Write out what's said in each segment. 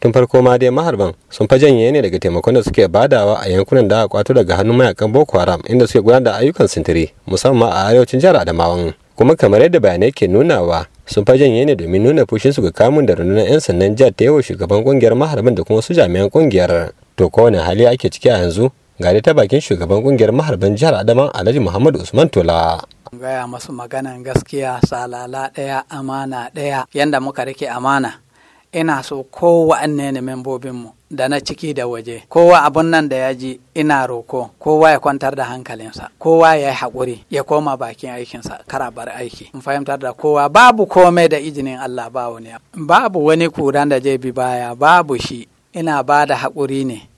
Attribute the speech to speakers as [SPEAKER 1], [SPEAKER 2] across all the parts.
[SPEAKER 1] tun farko ma dai maharban sun fa janye ne daga taimakon da suke badawa a yankunan da aka kwato daga hannun mayakan boko haram inda suke gudanar da ayyukan sintiri musamman a arewacin jihar adamawan kuma kamar yadda bayanai ke nunawa sun fa janye ne domin nuna fushin su ga kamun da rundunar 'yan sannan jihar ta yawa shugaban kungiyar maharban da kuma su jami'an kungiyar to kowane hali ake ciki a yanzu ga ta bakin shugaban kungiyar maharban jihar adaman alhaji muhammad usman tola
[SPEAKER 2] gaya masu maganan gaskiya salala ɗaya amana ɗaya yanda muka rike amana ina so kowanne ne membobinmu da na ciki da waje kowa abun nan da ya ji ina roko kowa ya kwantar da hankalinsa kowa ya yi haƙuri ya koma bakin aikinsa kara bar aiki in fahimtar da kowa babu komai da izinin Allah ba wani babu wani kuran da zai bi baya babu shi ina ba da haƙuri ne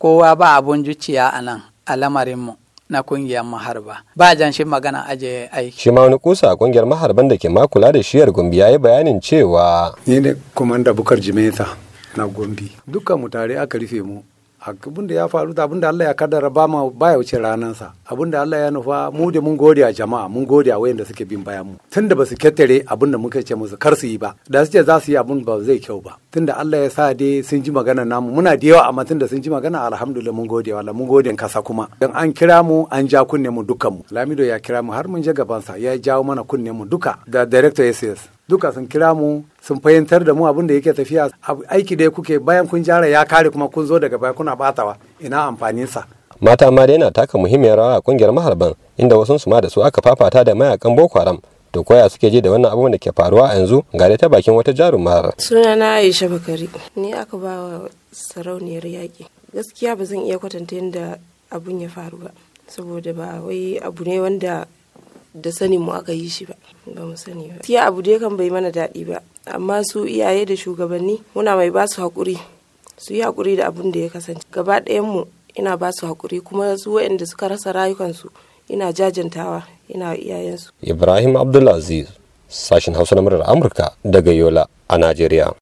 [SPEAKER 2] kowa ba abun zuciya a nan a lamarinmu na kungiyar maharba ba jan shi magana aje aiki
[SPEAKER 1] shi ma wani kusa a kungiyar maharban da ke makula da shiyar gombe ya yi bayanin cewa ni ne da bukar jimeta
[SPEAKER 3] na gumbi. dukkan mu tare aka rufe mu abin da ya faru da abin da Allah ya kaddara ba ma baya wuce ranansa abin da Allah ya nufa mu da mun gode a jama'a mun gode a wayanda suke bin bayan mu tunda ba su kettare abin da muka ce musu kar su yi ba da su ce za su yi abin ba zai kyau ba tunda Allah ya sa dai sun ji magana namu muna da yawa amma tunda sun ji magana alhamdulillah mun gode wala mun gode kasa kuma dan an kira mu an ja kunne mu dukkan mu Lamido ya kira mu har mun je sa ya jawo mana kunne mu duka da director SS duka sun kira mu sun fahimtar da mu abin da yake tafiya aiki da kuke bayan kun jara ya kare kuma kun zo daga baya kuna batawa ina amfaninsa
[SPEAKER 1] mata ma dai na taka muhimmiyar rawa a kungiyar maharban inda wasu su ma da su aka fafata da mayakan boko haram to koya suke ji da wannan abubuwan da ke faruwa a yanzu gare ta bakin wata jarumar
[SPEAKER 4] sunana aisha bakari ni aka ba wa sarauniyar yaƙi gaskiya ba zan iya kwatanta yadda abun ya faru ba saboda ba wai abu ne wanda da sanin mu aka yi shi ba ba mu sani ba tiya abu dai kan bai mana daɗi ba amma su iyaye da shugabanni muna mai ba su haƙuri su yi haƙuri da abun da ya kasance gaba ɗayan mu ina ba su haƙuri kuma su waɗanda suka rasa rayukansu ina jajantawa ina iyayensu
[SPEAKER 1] ibrahim abdulaziz sashen hausa na murar amurka daga yola a najeriya